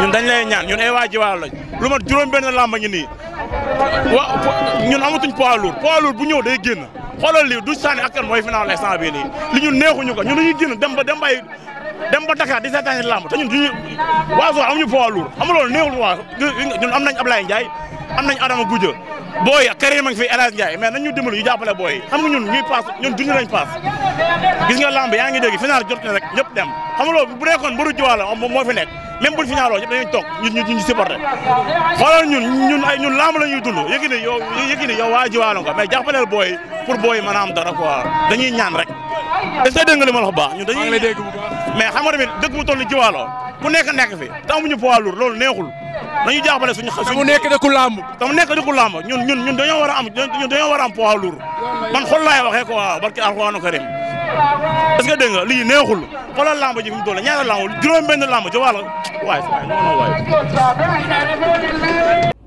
ñun dañ lay ñaan ñun ay waa Jiwaar lañ lu mat juróom-benn làmb ngi nii wa ñun amatuñ poids lourd poids lourd bu ñëw day génn xoolal lii du sànni ak kan mooy final instant bii nii li ñu ko ñun dañuy génn dem ba dem bay dem ba Dakar di seetaan làmb te ñun duñu waa soo amuñu poids lourd amuloo neexul waa ñun am nañ Ablaye jaay am nañ Adama Goudia booy yi a ngi fi El Hadj Ndiaye mais nañ ñu dimbali ñu jàppale booy yi xam nga ñun ñuy paas ñun dund paas gis nga lamb yaa ngi dégg final jot na rek ñëpp dem xam nga loolu bu nekkoon mbaru jiwaala moo fi nekk même buñ ñun ñu ñun ñun ay ñun lamb la ñuy dund yëgi ni yow yëgi ni yow waa jiwaala nga mais jàppaleel booy pour booy mën a am dañuy ñaan rek est-ce que dégg nga li ma la mais xam nga tamit dëkk bu toll ni jiwaaloo ku nekk nekk fi te amuñu poids lourd loolu neexul nañu jàppale suñu. suñu mu nekk dëkku làmb. te mu nekk dëkku làmb ñun ñun ñun dañoo war a am ñun war a am poids lourd man xol laay waxee ko waaw barki alxuraanu karim est-ce que dégg nga neexul xoolal làmb ji fi mu toll ñaata làmb juróom benn làmb jiwaalo waay waay non non waay.